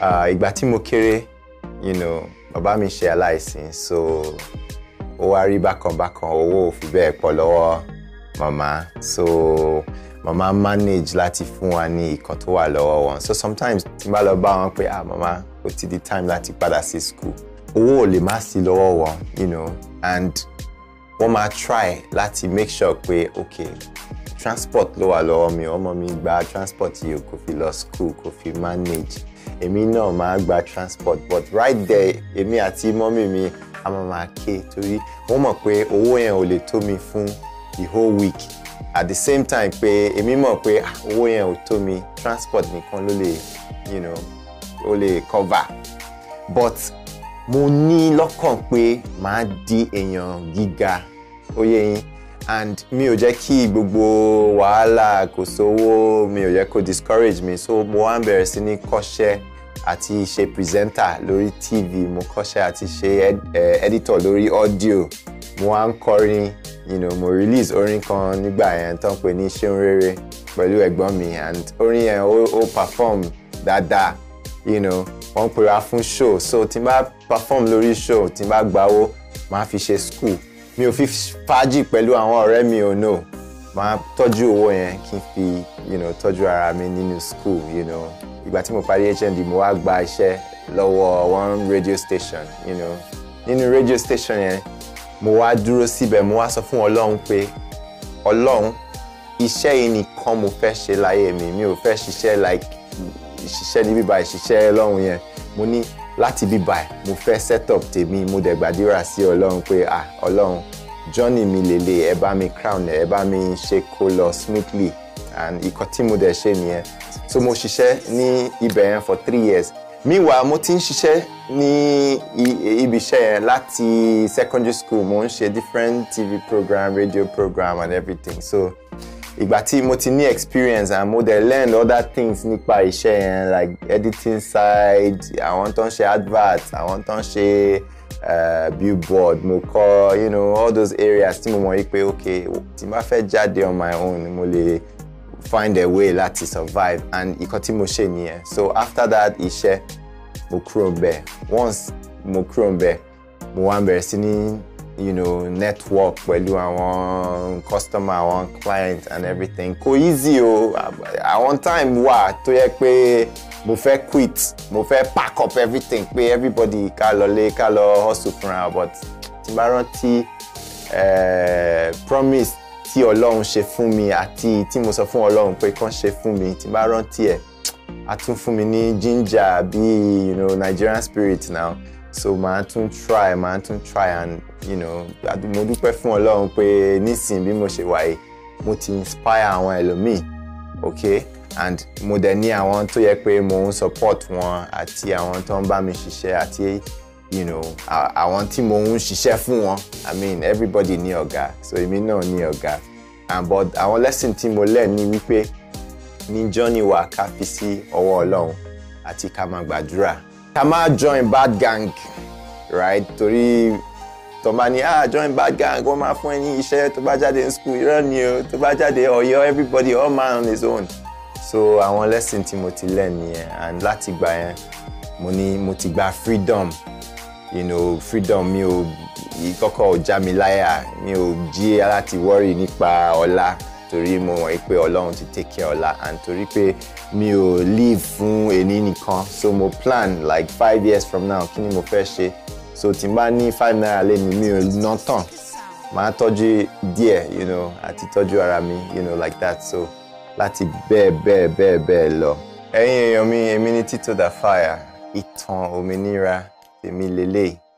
ìgbà tí mo kéré you know bàbá mi ṣe aláìsìn so ó wá rí bákan bákan owó ò fi bẹ́ẹ̀ pọ̀ lọ́wọ́ màmá so mama manage láti fún wa ní ìkan tó wà lọ́wọ́ wọn so sometimes tí n bá lọ bá wọn pé ah màmá ó ti di time láti padà sí school owó ò lè má sí lọ́wọ́ wọn you know and wọ́n máa try láti make sure pé okay transport ló wà lọ́wọ́ mi ọmọ mi gba transport yìí kò fi lọ school kò fi manage èmi náà máa gba transport but right there èmi àti mọ́mì mi a máa máa ké torí wọ́n mọ̀ pé owó yẹn ò lè tó mi fún the whole week at the same time pé èmi mọ̀ pé ah, owó yẹn ò tó mi transport nìkan ló lè you know ó lè cover but mo ní lọ́kàn pé màá di èèyàn gíga ó yẹ yín and mi ò jẹ́ kí gbogbo wàhálà kò sówó mi ò jẹ́ kó discourage me. so mo wá ń bẹ̀rẹ̀ sí ní kọ́ṣẹ́ àti ṣe presenter lórí tv mo kọ́ṣẹ́ àti ṣe editor lórí audio mo wá ń kọrin you know, mo release orin kan nígbà yẹn tó ń pè ní ṣeun rere pẹ̀lú ẹ̀gbọ́n mi and orin yẹn ó ó perform dáadáa you know, wọ́n pera fún show so tí n bá perform lórí show tí n bá gbawó màá fi ṣe school mi ò fi fàájì pẹ̀lú àwọn ọ̀rẹ́ mi ò no máa tọ́jú owó yẹn kí n fi you know, tọ́jú ara mi nínú school you know. ìgbà tí mo parí HND mo wá gba iṣẹ́ lọ́wọ́ one radio station you know. nínú radio station yẹn mo wá dúró síbẹ̀ mo wá sọ fún Ọlọ́run pé Ọlọ́run iṣẹ́ yìí nìkan mo fẹ́ ṣe láyé mi mi ò fẹ́ ṣiṣẹ́ like ṣiṣẹ́ níbí báyìí ṣiṣẹ́ lọ́hùn yẹn mo ní láti bí báyìí mo fẹ́ set up tèmi mo dẹ̀ gbàdúrà sí ọlọ́run pé ah ọlọ́run journey mi lele ẹ bá mi crown ẹ bá mi ṣe kó lọ smoothly and ikọ̀ tí mo dẹ̀ ṣe nìyẹn so mo ṣiṣẹ́ ní ibẹ̀ yẹn for three years meanwhile mo ti ń ṣiṣẹ́ ní ibi iṣẹ́ yẹn láti secondary school mo ń ṣe different tv program radio program and everything so ìgbà tí mo ti ní experience and mo dey learn other things nípa iṣẹ́ yẹn like editing side àwọn tó ń ṣe advert àwọn tó ń ṣe eh, billboard mo kọ́ you know all those areas tí mo mọ̀ yí pé okay tí n bá fẹ́ jáde on my own mo lè find a way láti survive and nǹkan tí mo ṣe nìyẹn so after that iṣẹ́ mo kúrò ń bẹ̀ once mo kúrò ń bẹ̀ mo wá ń bẹ̀rẹ̀ sí ní you know network pẹ̀lú àwọn customer àwọn client and everything kò easy o àwọn time wà tó yẹ pé mo fẹ́ quit mo fẹ́ pack up everything pé everybody ká lọ lé ká lọ hustle fúnra but tí bá rántí eh, promise tí ọlọ́run ṣe fún mi àti tí mo sọ fún ọlọ́run pé kán ṣe fún mi tí bá rántí ẹ̀ á tún fún mi ní ginger bí you know Nigerian spirit now so màá tún try màá tún try and you know mo dúpẹ́ fún ọlọ́run pé nísìnyí bí mo ṣe wà yìí mo ti inspire àwọn ẹlòmíì okay and mo dẹ̀ ní àwọn tó yẹ pé mo ń support wọn àti àwọn tó ń bá mi ṣiṣẹ́ àti you know àwọn tí mo ń ṣiṣẹ́ fún wọn i mean everybody ní ọ̀gá so èmi náà ní ọ̀gá and but àwọn lesson tí mo learn ni wípé ní journey wa ká fi sí ọwọ́ ọlọ́run àti ká máa gbàdúrà ká má join bad gang right torí tó bá ní ah join bad gang wọ́n máa fún ẹ ní iṣẹ́ tó bá jáde ní school irọ́ ni o tó bá jáde ọ̀yọ́ everybody all man on his own so àwọn lesson tí mo ti learn nìyẹn and láti gbà yẹn mo ní mo ti gba freedom you know freedom mi ò ìkọ́kọ́ ò já mi láyà mi ò jí láti worry nípa ọ̀la torí mo mọ̀ pé ọlọ́run ti take care ọ̀la and torí pé mi ò leave fún ẹni nìkan so mo plan like five years from now kí ni mo fẹ́ ṣe so tí n bá ní five naira lẹ́nu mi ò ná tán màá tọ́jú díẹ̀ àti tọ́jú ara mi you know like that so láti bẹ́ẹ̀ bẹ́ẹ̀ bẹ́ẹ̀ bẹ́ẹ̀ lọ. ẹ̀yin èèyàn mi èmi ni Tito Da Fire ìtàn òmìnira tèmi lélẹ́yìí.